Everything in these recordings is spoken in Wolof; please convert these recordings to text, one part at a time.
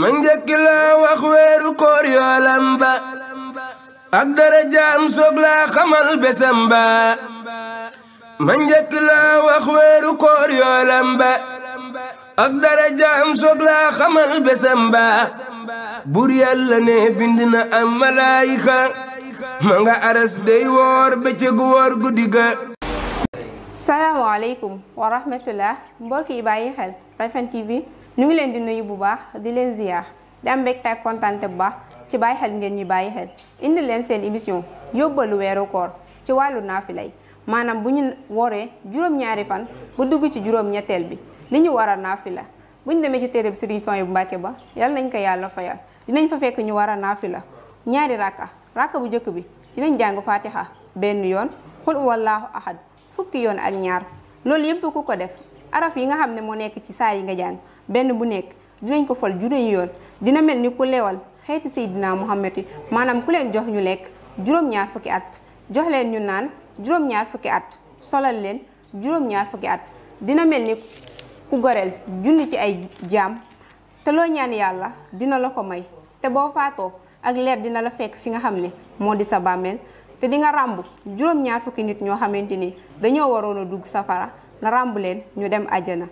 ma njëkk laa wax weeru koor yoolam ba ak darajaam soog laa xamal besam bur yàlla ne bind na am malaayika ma nga aras day woor bëccëgu woor guddi ga salaamaaleykum wa rahmatullah mbokk yi bàyyi xel Rafane TV ñu ngi leen di nuyu bu baax di leen ziar di am mbégte ak kontante bu baax ci bàyyi xel ngeen ñuy bàyyi xel indi leen seen émission yóbbalu weeru koor ci wàllu naafi lay maanaam bu ñu wooree juróom-ñaari fan bu dugg ci juróom-ñetteel bi li ñu war a naafila bu ñu demee ci téere bi Sëriñ Sooy bu Mbàkke ba yal nañ ko yàlla fayal dinañ fa fekk ñu war a la ñaari rakka rakka bu jëkk bi dinañ jàng faatixa benn yoon xul wallaahu ahad fukki yoon ak ñaar loolu yépp ku ko def araf yi nga xamne mo nek ci saay nga benn bu nek dinañ ko fol juróomi yoon dina melni ni ku lewal xeeti seydina muhammad manam ku leen jox ñu lek juroom ñaar fukki at jox leen ñu naan juroom ñaar fukki at solal leen juroom ñaar fukki at dina melni ku gorel junni ci ay jam te lo ñaan yalla dina la ko may te bo faato ak leer dina la fekk fi nga xamne modi sa bamel te di nga rambu juroom ñaar fukki nit ño xamanteni ni warono dug safara nga ràmbu leen ñu dem aljana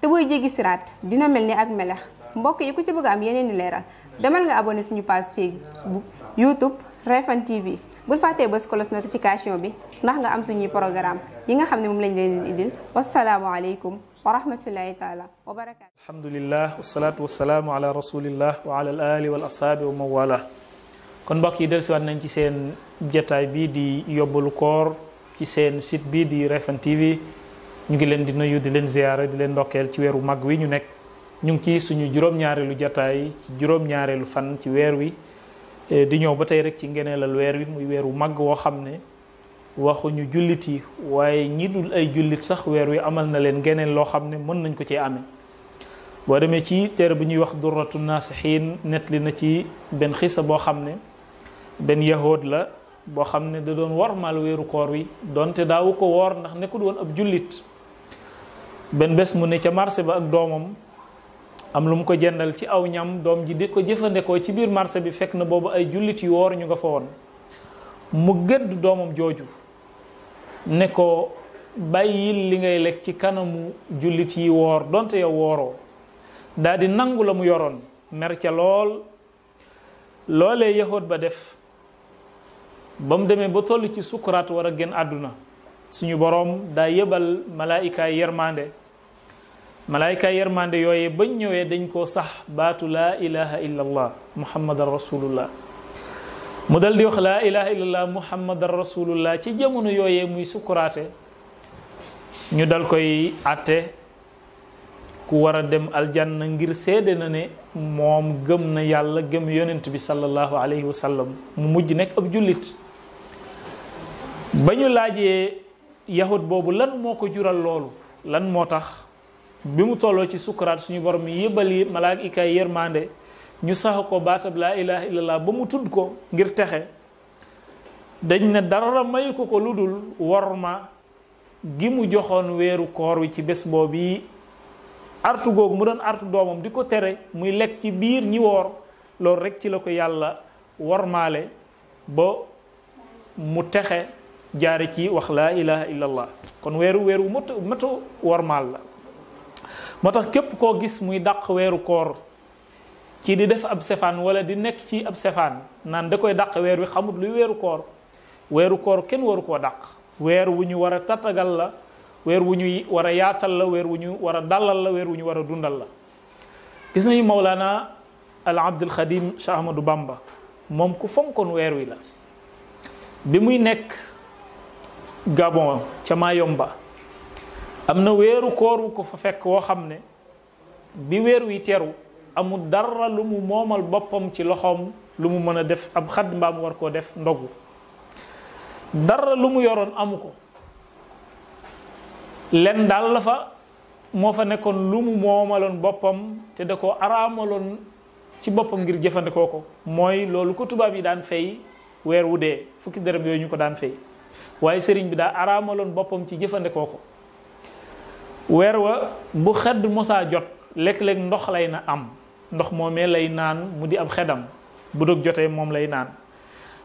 te boy jéggi sirat dina melni ni ak melax mbokk yi ku ci bëgg am yeneen leral demal nga abonné suñu page Facebook YouTube Refan TV bul fàttee bës kolos notification bi ndax nga am suñu programme yi nga xam mom lañ leen di wassalamu alaykum wa rahmatullahi taala wa barakatuh alhamdulillah wassalatu wassalamu ala rasulillah wa ala alihi wal ashabi wa mawala kon mbokk yi wat nañ ci seen jotaay bi di yobul koor ci sen site bi di Refan TV ñu ngi leen di nuyu di leen ziyaara di leen ndokkeel ci weeru mag wi ñu nekk ñu ngi ci suñu juróom-ñaareelu jataay ci juróom-ñaareelu fan ci weer wi eh, di ñëw ba tey rek ci ngeneelal weer wi muy weeru mag woo xam ne waxuñu jullit yi waaye ñi dul ay jullit sax weer wi amal na leen geneen loo xam ne mën nañ ko cee amee boo demee ci téere bi ñuy wax durratu naasixiin nettali na ci benn xiisa boo xam ne benn yahood la boo xam ne da doon wormaal weeru koor wi donte daawu ko woor ndax nekkul woon ab jullit benn bés mu ne ca marché ba ak doomam am lu mu ko jëndal ci aw ñam doom ji di ko jëfandikoo ci biir marché bi fekk na boobu ay jullit yu woor ñu nga fa woon mu gëdd doomam jooju ne ko bàyyil li ngay lekk ci kanamu jullit yi woor donte yow wooroo daldi nangu la mu yoroon mer ca lool loolee yaxoot ba def ba mu demee ba toll ci sukkuraat war a génn àdduna suñu boroom daa yebal malaayikaay yermande malaayikaay yermande yooye bañ ñëwee dañ koo sax baatu laa ilaha illa allah muhammadan rasulullah mu dal di wax laa ilaha illa allah muhammadan rasulullah ci jamono yooyee muy sukuraate ñu dal koy atte ku wara dem aljanna ngir seede na ne moom gëm na yàlla gëm yonent bi sallallahu alayhi wa mu mujj nekk ab jullit ba ñu laajee yahut boobu lan moo ko jural loolu lan moo tax bi mu tolloo ci sukuraat suñu borom yëbali malaaka yi yërmande ñu sax ko baatab laa ilaha illallah ba mu tudd ko ngir texe dañ ne dara mayu ko ko lu dul worma gi mu joxoon weeru koor wi ci bés boobu yi artu googu mu doon artu doomam di ko tere muy lekk ci biir ñi woor loolu rek ci la ko yàlla wormaale ba mu texe jaare ci wax laa ilaha illallah kon weeru weeru matu matu wormaal la moo tax képp koo gis muy daq weeru koor ci di def ab sefaan wala di nekk ci ab sefaan naan da koy daq weer wi xamut luy weeru koor weeru koor kenn waru koo daq weer wu ñu war a tatagal la weer wu ñu war a yaatal la weer wu ñu war a dalal la weer wu ñu war a dundal la gis nañu Mawlana al Abdul Xadim Cheikh Ahmadou Bamba moom ku fonkoon weer wi la bi muy nekk Gabon ca Mayomba am na weeru koor wu ko fa fekk woo xam ne bi weer wi teru amul dara lu mu moomal boppam ci loxoom lu mu mën a def ab xadd mbaam war koo def ndogu dara lu mu yoroon amu ko lenn daal la moo fa nekkoon lu mu moomaloon boppam te da ko araamaloon ci boppam ngir jëfandikoo ko mooy loolu ko tubaab yi daan fay weer wu dee fukki dërëm yooyu ñu ko daan fay waaye sëriñ bi daal araamaloon boppam ci jëfandikoo ko weer wa bu xedd mosaa jot léeg-léeg ndox lay na am ndox moomee lay naan mu di ab xedam bu dog jotee moom lay naan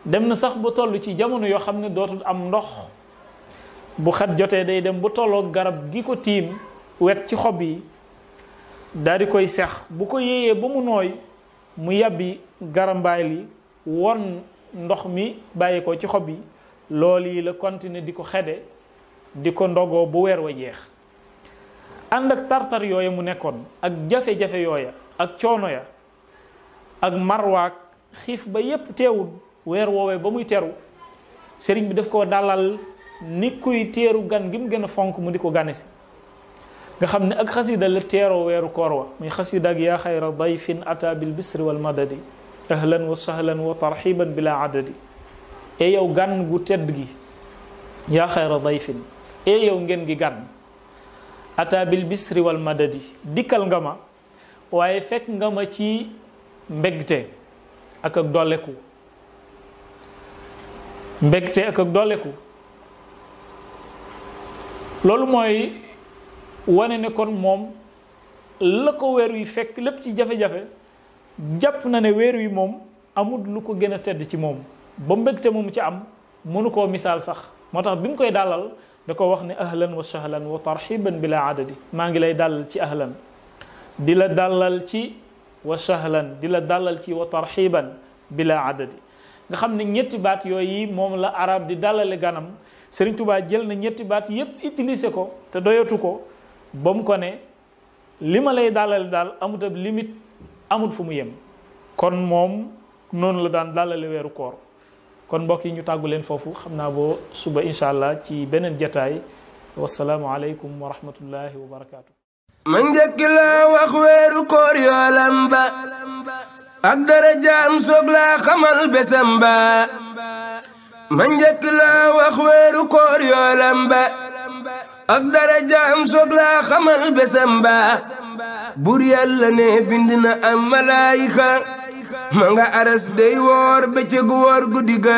dem na sax ba toll ci jamono yoo xam ne dootul am ndox bu xat jotee day dem bu tollook garab gi ko tiim wet ci xob yi daal di koy sex bu ko yéeyee ba mu nooy mu yàbbi garambaay li won ndox mi bàyyi ko ci xob yi loolu yi la continuer di ko xede di ko ndogoo bu weer wa jeex ànd ak tartar yooya mu nekkoon ak jafe-jafe yooya ak coono ya ak marwaak xiif ba yépp teewul weer woowee ba muy teru sëriñ bi daf koo dalal ni kuy teeru gan gi mu gën a fonk mu di ko gane si nga xam ne ak xasida la teeroo weeru koor wa muy xasida ak yaa xayra dayfin ata bil bisri wal madadi ahlan wa sahlan wa tarxiban bila adadi e yow gan gu tedd gi yaa xayra dayfin e ngeen gi gan ata bil bisri madadi dikkal nga ma waaye fekk nga ma ci mbégte ak ak dolleku mbégte ak ak dolleku loolu mooy wane ne kon moom la ko weer wi fekk lépp ci jafe-jafe jàpp na ne weer wi moom amut lu ko gën a tedd ci moom bombek ci mum ci am munu ko misal sax motax bim koy dalal da ko wax ni ahlan wa sahlan wa tarhiban bila adadi maa ngi lay dalal ci ahlan dila dalal ci wa sahlan dila dalal ci wa tarhiban bila adadi nga xamni ne ñetti baat yi mom la arab di dalale ganam Serigne Touba jël na ñetti baat yépp utiliser ko te doyatu ko bam ko ne lima lay dalal dal amut ab limite amut fu mu yem kon mom non la daan dalale wéru koor kon mbokk yi ñu tàggu foofu xam naa boo suba incha allah ci beneen jataay wasalaamualeykum wa rahmatullahi wa barakaatu. ma njëkk wax weeru koor yoolam ba ak darajaam soog laa xamal besam ba bur yàlla ne bind am malaayika ma nga aras dey woor bëccëg woor guddi ga